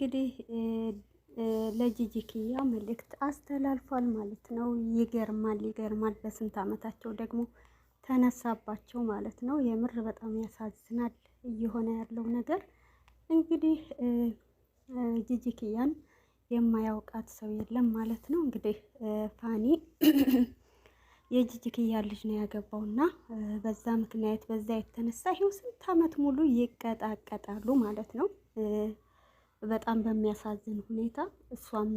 እንግዲህ ለጂጂክያ መልእክት አስተላልፏል ማለት ነው። ይገርማል ይገርማል። በስንት አመታቸው ደግሞ ተነሳባቸው ማለት ነው። የምር በጣም ያሳዝናል እየሆነ ያለው ነገር። እንግዲህ ጂጂክያን የማያውቃት ሰው የለም ማለት ነው። እንግዲህ ፋኒ የጂጂክያ ልጅ ነው ያገባው እና በዛ ምክንያት በዛ የተነሳ ይኸው ስንት አመት ሙሉ ይቀጣቀጣሉ ማለት ነው። በጣም በሚያሳዝን ሁኔታ እሷም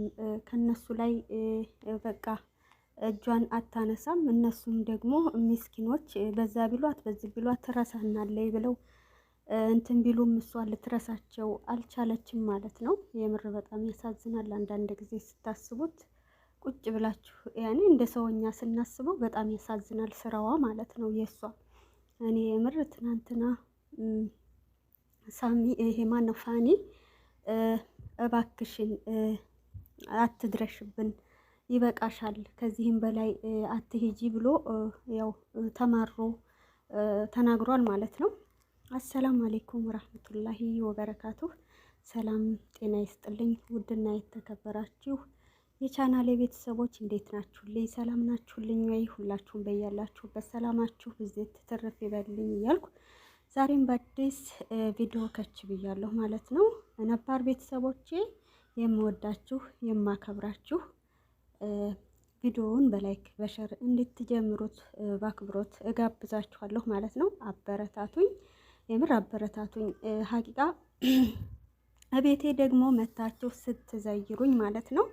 ከነሱ ላይ በቃ እጇን አታነሳም። እነሱም ደግሞ ምስኪኖች በዛ ቢሏት በዚህ ቢሏት ትረሳናለች ብለው እንትን ቢሉም እሷ ልትረሳቸው አልቻለችም ማለት ነው። የምር በጣም ያሳዝናል። አንዳንድ ጊዜ ስታስቡት ቁጭ ብላችሁ ያኔ እንደ ሰውኛ ስናስበው በጣም ያሳዝናል ስራዋ ማለት ነው የእሷ። እኔ የምር ትናንትና ሳሚ ይሄ ማነው ፋኒ እባክሽን አትድረሽብን፣ ይበቃሻል፣ ከዚህም በላይ አትሄጂ ብሎ ያው ተማሮ ተናግሯል ማለት ነው። አሰላሙ አሌይኩም ወራህመቱላሂ ወበረካቱ። ሰላም ጤና ይስጥልኝ። ውድና የተከበራችሁ የቻናሌ ቤተሰቦች እንዴት ናችሁልኝ? ሰላም ናችሁልኝ ወይ? ሁላችሁም በያላችሁበት ሰላማችሁ ብዜት ትርፍ ይበልኝ እያልኩ ዛሬም በአዲስ ቪዲዮ ከች ብያለሁ ማለት ነው። ነባር ቤተሰቦቼ የምወዳችሁ የማከብራችሁ፣ ቪዲዮውን በላይክ በሸር እንድትጀምሩት በአክብሮት እጋብዛችኋለሁ ማለት ነው። አበረታቱኝ፣ የምር አበረታቱኝ። ሀቂቃ እቤቴ ደግሞ መታችሁ ስትዘይሩኝ ማለት ነው።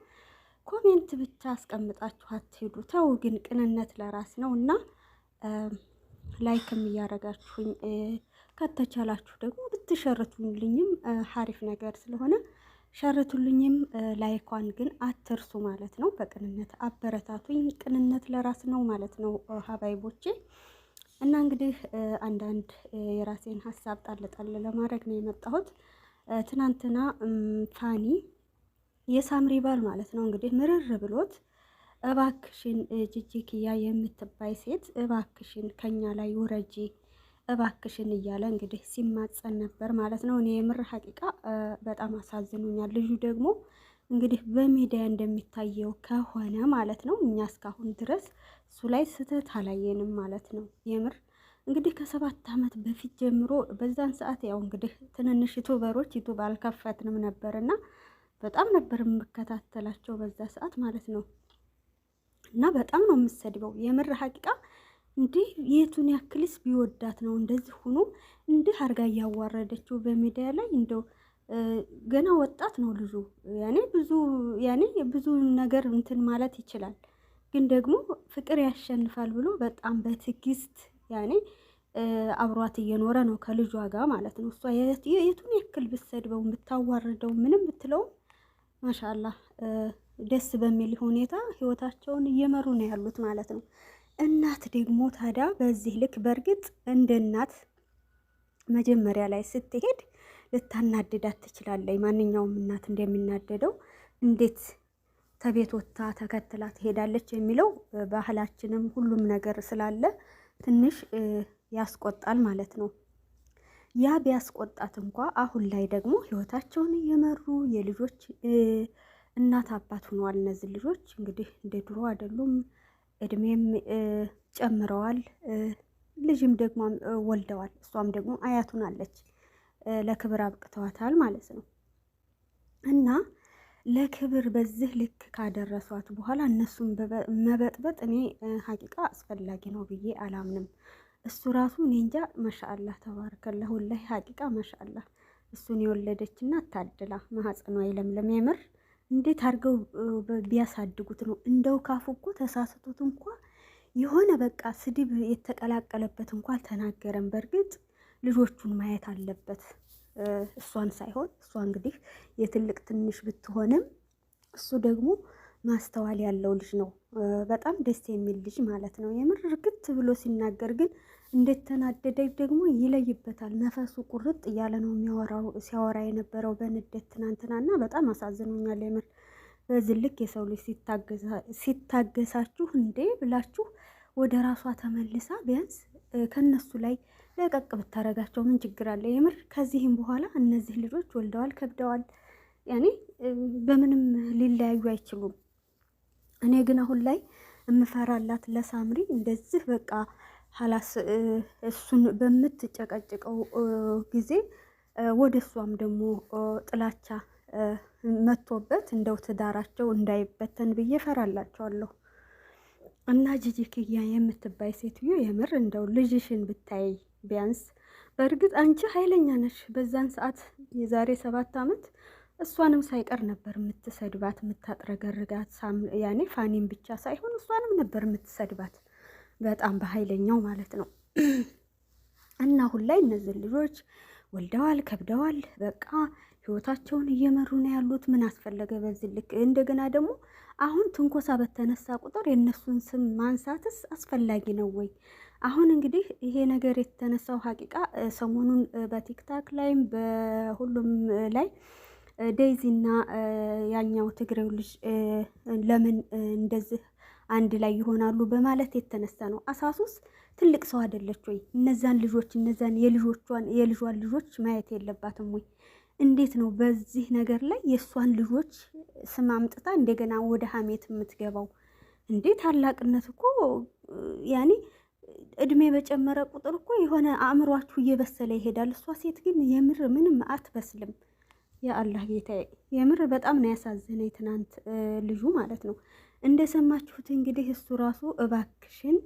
ኮሜንት ብቻ አስቀምጣችሁ አትሄዱ። ተው ግን ቅንነት ለራስ ነው እና ላይክም እያረጋችሁኝ ከተቻላችሁ ደግሞ ብትሸርቱልኝም ሀሪፍ ነገር ስለሆነ ሸርቱልኝም። ላይኳን ግን አትርሱ ማለት ነው። በቅንነት አበረታቱኝ። ቅንነት ለራስ ነው ማለት ነው ሀባይቦቼ። እና እንግዲህ አንዳንድ የራሴን ሀሳብ ጣል ለማድረግ ነው የመጣሁት። ትናንትና ፋኒ የሳምሪ ባል ማለት ነው እንግዲህ ምርር ብሎት እባክሽን ጅጅክያ የምትባይ ሴት እባክሽን ከኛ ላይ ውረጂ እባክሽን እያለ እንግዲህ ሲማጸን ነበር ማለት ነው። እኔ የምር ሀቂቃ በጣም አሳዝኖኛል። ልጁ ደግሞ እንግዲህ በሚዲያ እንደሚታየው ከሆነ ማለት ነው እኛ እስካሁን ድረስ እሱ ላይ ስህተት አላየንም ማለት ነው። የምር እንግዲህ ከሰባት ዓመት በፊት ጀምሮ በዛን ሰዓት ያው እንግዲህ ትንንሽ ዩቱበሮች ዩቱብ አልከፈትንም ነበርና በጣም ነበር የምከታተላቸው በዛ ሰዓት ማለት ነው። እና በጣም ነው የምሰድበው የምር ሀቂቃ እንዲህ የቱን ያክልስ ቢወዳት ነው እንደዚህ ሆኖ እንዲህ አርጋ እያዋረደችው በሜዲያ ላይ እንደው ገና ወጣት ነው ልጁ። ያኔ ብዙ ያኔ ብዙ ነገር እንትን ማለት ይችላል፣ ግን ደግሞ ፍቅር ያሸንፋል ብሎ በጣም በትዕግስት ያኔ አብሯት እየኖረ ነው ከልጇ ጋር ማለት ነው። እሷ የቱን ያክል ብትሰድበው ብታዋርደው፣ ምንም ብትለው ማሻላ ደስ በሚል ሁኔታ ህይወታቸውን እየመሩ ነው ያሉት ማለት ነው። እናት ደግሞ ታዲያ በዚህ ልክ በእርግጥ እንደ እናት መጀመሪያ ላይ ስትሄድ ልታናድዳት ትችላለች። ማንኛውም እናት እንደሚናደደው እንዴት ተቤት ወጥታ ተከትላ ትሄዳለች የሚለው ባህላችንም ሁሉም ነገር ስላለ ትንሽ ያስቆጣል ማለት ነው። ያ ቢያስቆጣት እንኳ አሁን ላይ ደግሞ ህይወታቸውን እየመሩ የልጆች እናት አባት ሆነዋል። እነዚህ ልጆች እንግዲህ እንደ ድሮ አይደሉም። እድሜም ጨምረዋል። ልጅም ደግሞ ወልደዋል። እሷም ደግሞ አያቱን አለች ለክብር አብቅተዋታል ማለት ነው እና ለክብር በዚህ ልክ ካደረሷት በኋላ እነሱን መበጥበጥ እኔ ሀቂቃ አስፈላጊ ነው ብዬ አላምንም። እሱ ራሱ እኔ እንጃ ማሻአላህ ተባረከላህ ሀቂቃ ማሻአላህ እሱን የወለደች እና ታድላ ማህፀኗ ይለምለም የምር እንዴት አድርገው ቢያሳድጉት ነው? እንደው ካፉ እኮ ተሳስቶት እንኳ የሆነ በቃ ስድብ የተቀላቀለበት እንኳ አልተናገረም። በእርግጥ ልጆቹን ማየት አለበት፣ እሷን ሳይሆን። እሷ እንግዲህ የትልቅ ትንሽ ብትሆንም እሱ ደግሞ ማስተዋል ያለው ልጅ ነው። በጣም ደስ የሚል ልጅ ማለት ነው። የምር እርግጥ ብሎ ሲናገር ግን እንደተናደደ ደግሞ ይለይበታል። ነፈሱ ቁርጥ እያለ ነው የሚያወራው ሲያወራ የነበረው በንዴት ትናንትና እና በጣም አሳዝኖኛል የምር። በዚህ ልክ የሰው ልጅ ሲታገሳችሁ እንዴ ብላችሁ ወደ ራሷ ተመልሳ ቢያንስ ከነሱ ላይ ለቀቅ ብታረጋቸው ምን ችግር አለ? የምር ከዚህም በኋላ እነዚህ ልጆች ወልደዋል፣ ከብደዋል። ያኔ በምንም ሊለያዩ አይችሉም። እኔ ግን አሁን ላይ እምፈራላት ለሳምሪ እንደዚህ በቃ ሀላስ እሱን በምትጨቀጭቀው ጊዜ ወደ እሷም ደግሞ ጥላቻ መጥቶበት እንደው ትዳራቸው እንዳይበተን ብዬ ፈራላቸዋለሁ። እና ጂጂ ክያ የምትባይ ሴትዮ የምር እንደው ልጅሽን ብታይ ቢያንስ በእርግጥ አንቺ ኃይለኛ ነሽ። በዛን ሰዓት የዛሬ ሰባት ዓመት እሷንም ሳይቀር ነበር የምትሰድባት የምታጥረገርጋት። ያኔ ፋኒን ብቻ ሳይሆን እሷንም ነበር የምትሰድባት። በጣም በኃይለኛው ማለት ነው። እና አሁን ላይ እነዚህ ልጆች ወልደዋል፣ ከብደዋል፣ በቃ ህይወታቸውን እየመሩ ነው ያሉት። ምን አስፈለገ በዚህ ልክ? እንደገና ደግሞ አሁን ትንኮሳ በተነሳ ቁጥር የእነሱን ስም ማንሳትስ አስፈላጊ ነው ወይ? አሁን እንግዲህ ይሄ ነገር የተነሳው ሀቂቃ ሰሞኑን በቲክታክ ላይም በሁሉም ላይ ዴይዚና ያኛው ትግሬው ልጅ ለምን እንደዚህ አንድ ላይ ይሆናሉ በማለት የተነሳ ነው። አሳሱስ ትልቅ ሰው አይደለች ወይ? እነዛን ልጆች እነዛን የልጆቿን የልጇን ልጆች ማየት የለባትም ወይ? እንዴት ነው በዚህ ነገር ላይ የእሷን ልጆች ስም አምጥታ እንደገና ወደ ሀሜት የምትገባው? እንዴ ታላቅነት እኮ ያኔ እድሜ በጨመረ ቁጥር እኮ የሆነ አእምሯችሁ እየበሰለ ይሄዳል። እሷ ሴት ግን የምር ምንም አትበስልም። የአላህ ጌታዬ የምር በጣም ነው ያሳዘነ ትናንት ልጁ ማለት ነው። እንደሰማችሁት እንግዲህ እሱ ራሱ እባክሽን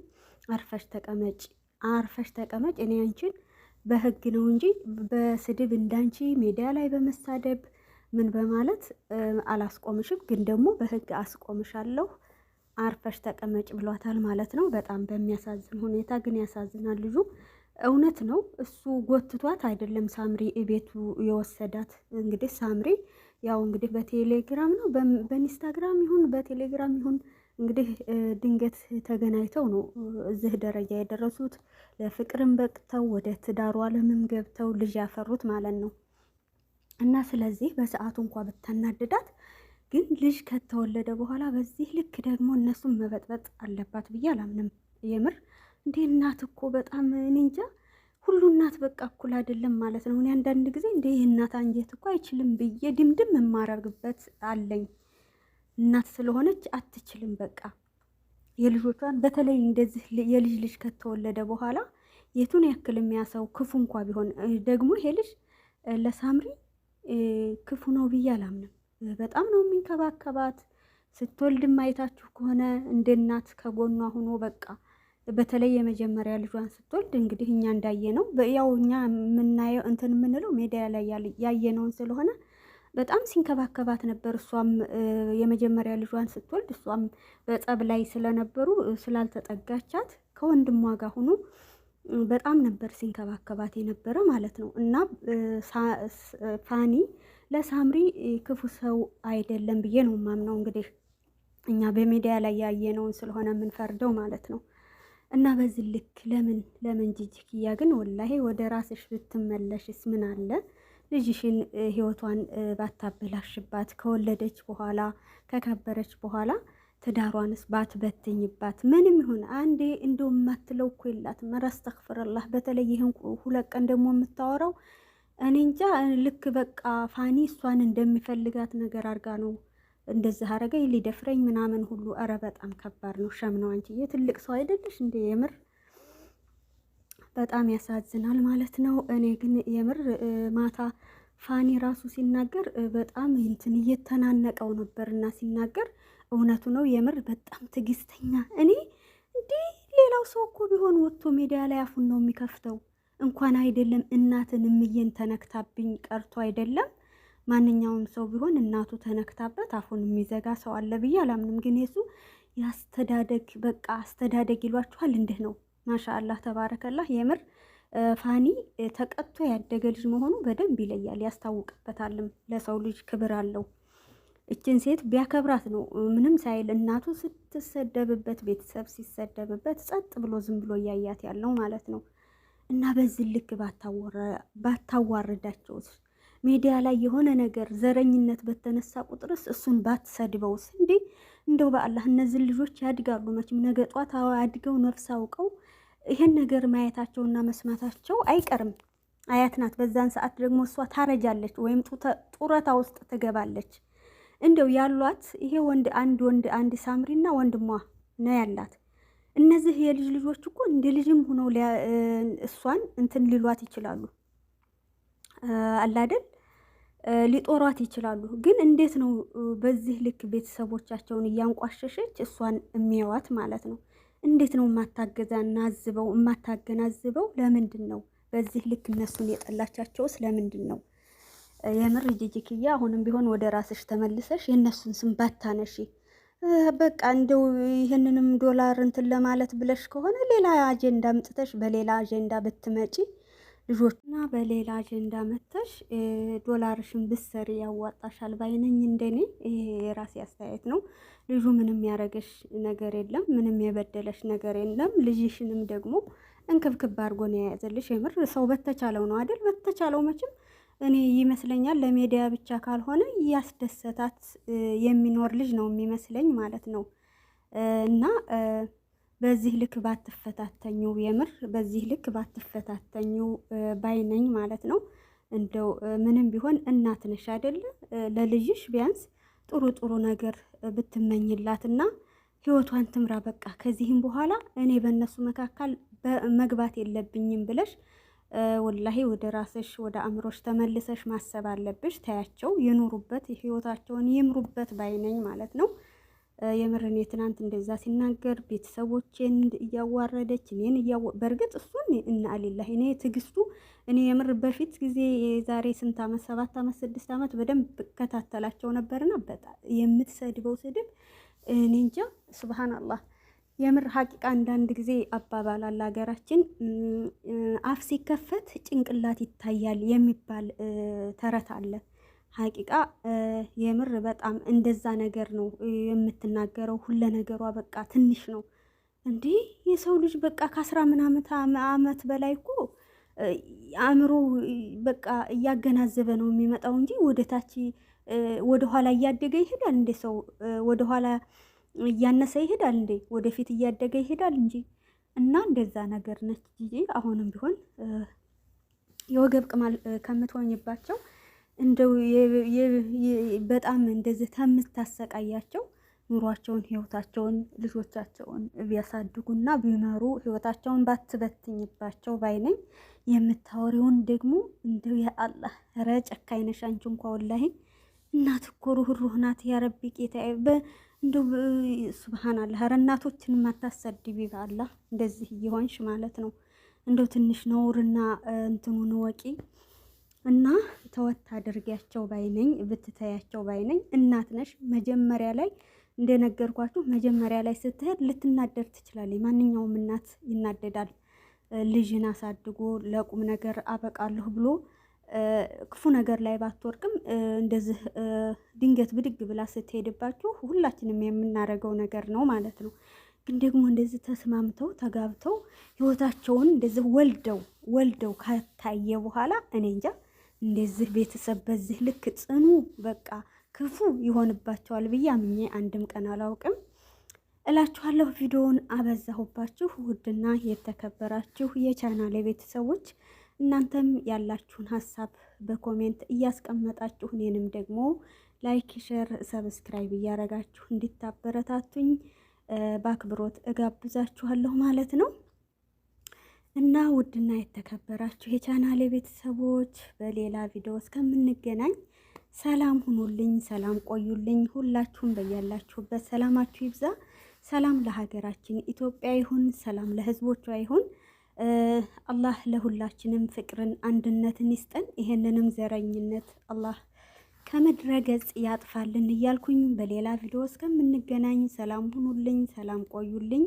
አርፈሽ ተቀመጭ፣ አርፈሽ ተቀመጭ፣ እኔ አንቺን በህግ ነው እንጂ በስድብ እንዳንቺ ሜዲያ ላይ በመሳደብ ምን በማለት አላስቆምሽም፣ ግን ደግሞ በህግ አስቆምሻለሁ አርፈሽ ተቀመጭ ብሏታል ማለት ነው። በጣም በሚያሳዝን ሁኔታ ግን ያሳዝናል። ልጁ እውነት ነው እሱ ጎትቷት አይደለም ሳምሪ ቤቱ የወሰዳት እንግዲህ ሳምሪ ያው እንግዲህ በቴሌግራም ነው በኢንስታግራም ይሁን በቴሌግራም ይሁን እንግዲህ ድንገት ተገናኝተው ነው እዚህ ደረጃ የደረሱት። ለፍቅርም በቅተው ወደ ትዳሩ ዓለምም ገብተው ልጅ ያፈሩት ማለት ነው። እና ስለዚህ በሰዓቱ እንኳ ብታናድዳት ግን ልጅ ከተወለደ በኋላ በዚህ ልክ ደግሞ እነሱም መበጥበጥ አለባት ብዬ አላምንም። የምር እንዴ እናት እኮ በጣም እኔ እንጃ ሁሉ እናት በቃ እኩል አይደለም ማለት ነው። እኔ አንዳንድ ጊዜ እንደ ይህ እናት አንጀት እኮ አይችልም ብዬ ድምድም የማረግበት አለኝ። እናት ስለሆነች አትችልም በቃ የልጆቿን በተለይ እንደዚህ የልጅ ልጅ ከተወለደ በኋላ የቱን ያክል የሚያሰው ክፉ እንኳ ቢሆን ደግሞ ይሄ ልጅ ለሳምሪ ክፉ ነው ብዬ አላምንም። በጣም ነው የሚንከባከባት። ስትወልድ ማየታችሁ ከሆነ እንደ እናት ከጎኗ ሁኖ በቃ በተለይ የመጀመሪያ ልጇን ስትወልድ እንግዲህ እኛ እንዳየ ነው ያው እኛ የምናየው እንትን የምንለው ሜዲያ ላይ ያየነውን ስለሆነ በጣም ሲንከባከባት ነበር። እሷም የመጀመሪያ ልጇን ስትወልድ እሷም በጸብ ላይ ስለነበሩ ስላልተጠጋቻት ከወንድሟ ጋር ሆኖ በጣም ነበር ሲንከባከባት የነበረ ማለት ነው። እና ፋኒ ለሳምሪ ክፉ ሰው አይደለም ብዬ ነው ማምነው እንግዲህ እኛ በሜዲያ ላይ ያየነውን ስለሆነ የምንፈርደው ማለት ነው። እና በዚህ ልክ ለምን ለምን ጂጂክያ ግን ወላሂ ወደ ራስሽ ብትመለሽስ ምን አለ? ልጅሽን ህይወቷን ባታበላሽባት፣ ከወለደች በኋላ ከከበረች በኋላ ትዳሯንስ ባትበትኝባት። ምንም ይሁን አንዴ እንደው የማትለው እኮ የላትም። ረስተክፍርላህ በተለይ ይህን ሁለት ቀን ደግሞ የምታወራው እኔ እንጃ ልክ በቃ ፋኒ እሷን እንደሚፈልጋት ነገር አድርጋ ነው እንደዚህ አረገኝ ሊደፍረኝ ምናምን ሁሉ ኧረ በጣም ከባድ ነው። ሸም ነው አንቺዬ፣ ትልቅ ሰው አይደለሽ እንደ የምር በጣም ያሳዝናል ማለት ነው። እኔ ግን የምር ማታ ፋኒ ራሱ ሲናገር በጣም እንትን እየተናነቀው ነበርና ሲናገር እውነቱ ነው። የምር በጣም ትዕግስተኛ እኔ እንዲህ ሌላው ሰው እኮ ቢሆን ወጥቶ ሜዲያ ላይ አፉን ነው የሚከፍተው። እንኳን አይደለም እናትን እምዬን ተነክታብኝ ቀርቶ አይደለም ማንኛውም ሰው ቢሆን እናቱ ተነክታበት አፉን የሚዘጋ ሰው አለ ብዬ አላምንም። ግን የሱ የአስተዳደግ በቃ አስተዳደግ ይሏችኋል እንዲህ ነው። ማሻአላህ ተባረከላህ። የምር ፋኒ ተቀጥቶ ያደገ ልጅ መሆኑ በደንብ ይለያል፣ ያስታውቅበታልም። ለሰው ልጅ ክብር አለው። እችን ሴት ቢያከብራት ነው ምንም ሳይል እናቱ ስትሰደብበት፣ ቤተሰብ ሲሰደብበት ጸጥ ብሎ ዝም ብሎ እያያት ያለው ማለት ነው። እና በዚህ ልክ ባታዋርዳቸውስ ሚዲያ ላይ የሆነ ነገር ዘረኝነት በተነሳ ቁጥርስ እሱን ባትሰድበውስ እንዴ! እንደው በአላህ እነዚህን ልጆች ያድጋሉ መቼም ነገ ጧት አድገው ነፍስ አውቀው ይህን ነገር ማየታቸውና መስማታቸው አይቀርም። አያት ናት። በዛን ሰዓት ደግሞ እሷ ታረጃለች ወይም ጡረታ ውስጥ ትገባለች። እንደው ያሏት ይሄ ወንድ አንድ ወንድ አንድ ሳምሪና ወንድሟ ነው ያላት። እነዚህ የልጅ ልጆች እኮ እንደ ልጅም ሆነው እሷን እንትን ሊሏት ይችላሉ አላደል ሊጦሯት ይችላሉ። ግን እንዴት ነው በዚህ ልክ ቤተሰቦቻቸውን እያንቋሸሸች እሷን የሚያዋት ማለት ነው? እንዴት ነው የማታገዛናዝበው የማታገናዝበው? ለምንድን ነው በዚህ ልክ እነሱን የጠላቻቸውስ ለምንድን ነው? የምር ጅጅክያ አሁንም ቢሆን ወደ ራስሽ ተመልሰሽ የእነሱን ስም ባታነሺ በቃ እንደው ይህንንም ዶላር እንትን ለማለት ብለሽ ከሆነ ሌላ አጀንዳ ምጥተሽ በሌላ አጀንዳ ብትመጪ ልጆች እና በሌላ አጀንዳ መተሽ ዶላርሽን ብሰሪ ያዋጣሻል ባይነኝ። እንደኔ ይሄ የራሴ አስተያየት ነው። ልጁ ምንም ያደረገሽ ነገር የለም፣ ምንም የበደለሽ ነገር የለም። ልጅሽንም ደግሞ እንክብክብ አድርጎ ነው የያዘልሽ። የምር ሰው በተቻለው ነው አይደል? በተቻለው መቼም እኔ ይመስለኛል ለሜዲያ ብቻ ካልሆነ ያስደሰታት የሚኖር ልጅ ነው የሚመስለኝ ማለት ነው እና በዚህ ልክ ባትፈታተኙ የምር በዚህ ልክ ባትፈታተኙ ባይነኝ ማለት ነው። እንደው ምንም ቢሆን እናት ነሽ አይደለ? ለልጅሽ ቢያንስ ጥሩ ጥሩ ነገር ብትመኝላትና ህይወቷን ትምራ። በቃ ከዚህም በኋላ እኔ በእነሱ መካከል መግባት የለብኝም ብለሽ ወላሂ ወደ ራስሽ ወደ አእምሮሽ ተመልሰሽ ማሰብ አለብሽ። ታያቸው የኖሩበት ህይወታቸውን ይምሩበት ባይነኝ ማለት ነው። የምርን የትናንት እንደዛ ሲናገር ቤተሰቦቼን እያዋረደች እኔን በእርግጥ እሱን እና ሌላ እኔ ትግስቱ እኔ የምር በፊት ጊዜ የዛሬ ስንት አመት ሰባት አመት ስድስት አመት በደንብ እከታተላቸው ነበርና በጣም የምትሰድበው ስድብ እኔ እንጃ ስብሃን የምር ሀቂቃ አንዳንድ ጊዜ አባባል አለ ሀገራችን አፍ ሲከፈት ጭንቅላት ይታያል የሚባል ተረት አለ። ሀቂቃ የምር በጣም እንደዛ ነገር ነው የምትናገረው። ሁለ ነገሯ በቃ ትንሽ ነው እንዲህ የሰው ልጅ በቃ ከአስራ ምን ዓመት በላይ እኮ አእምሮ በቃ እያገናዘበ ነው የሚመጣው እንጂ ወደ ታች ወደኋላ እያደገ ይሄዳል እንዴ ሰው ወደኋላ እያነሰ ይሄዳል እንዴ? ወደፊት እያደገ ይሄዳል እንጂ እና እንደዛ ነገር ነች አሁንም ቢሆን የወገብ ቅማል ከምትሆኝባቸው እንደው በጣም እንደዚህ ከምታሰቃያቸው ኑሯቸውን ህይወታቸውን ልጆቻቸውን ቢያሳድጉና ቢኖሩ ህይወታቸውን ባትበትኝባቸው ባይነኝ። የምታወሪውን ደግሞ እንደው የአላህ ረ ጨካኝ ነሽ አንቺ እንኳ ወላሂ እናት እኮ ሩህሩህ ናት። ያረቢ ጌታ እንደው ሱብሃናላህ። ረ እናቶችን ማታሰድቢ በአላህ እንደዚህ እየሆንሽ ማለት ነው። እንደው ትንሽ ነውርና እንትኑን ወቂ እና ተወት አድርጊያቸው ባይነኝ ብትተያቸው ባይነኝ። እናት ነሽ መጀመሪያ ላይ እንደነገርኳችሁ መጀመሪያ ላይ ስትሄድ ልትናደድ ትችላለች። ማንኛውም እናት ይናደዳል። ልጅን አሳድጎ ለቁም ነገር አበቃለሁ ብሎ ክፉ ነገር ላይ ባትወርቅም እንደዚህ ድንገት ብድግ ብላ ስትሄድባችሁ ሁላችንም የምናደርገው ነገር ነው ማለት ነው። ግን ደግሞ እንደዚህ ተስማምተው ተጋብተው ህይወታቸውን እንደዚህ ወልደው ወልደው ከታየ በኋላ እኔ እንጃ እንደዚህ ቤተሰብ በዚህ ልክ ጽኑ በቃ ክፉ ይሆንባቸዋል ብዬ አምኜ አንድም ቀን አላውቅም እላችኋለሁ። ቪዲዮውን አበዛሁባችሁ። ውድና የተከበራችሁ የቻናል ቤተሰቦች እናንተም ያላችሁን ሀሳብ በኮሜንት እያስቀመጣችሁ እኔንም ደግሞ ላይክ፣ ሸር ሰብስክራይብ እያረጋችሁ እንዲታበረታቱኝ በአክብሮት እጋብዛችኋለሁ ማለት ነው። እና ውድና የተከበራችሁ የቻናሌ ቤተሰቦች በሌላ ቪዲዮ እስከምንገናኝ ሰላም ሁኑልኝ፣ ሰላም ቆዩልኝ። ሁላችሁም በያላችሁበት ሰላማችሁ ይብዛ። ሰላም ለሀገራችን ኢትዮጵያ ይሁን፣ ሰላም ለሕዝቦቿ ይሁን። አላህ ለሁላችንም ፍቅርን፣ አንድነትን ይስጠን። ይሄንንም ዘረኝነት አላህ ከምድረ ገጽ ያጥፋልን እያልኩኝ በሌላ ቪዲዮ እስከምንገናኝ ሰላም ሁኑልኝ፣ ሰላም ቆዩልኝ።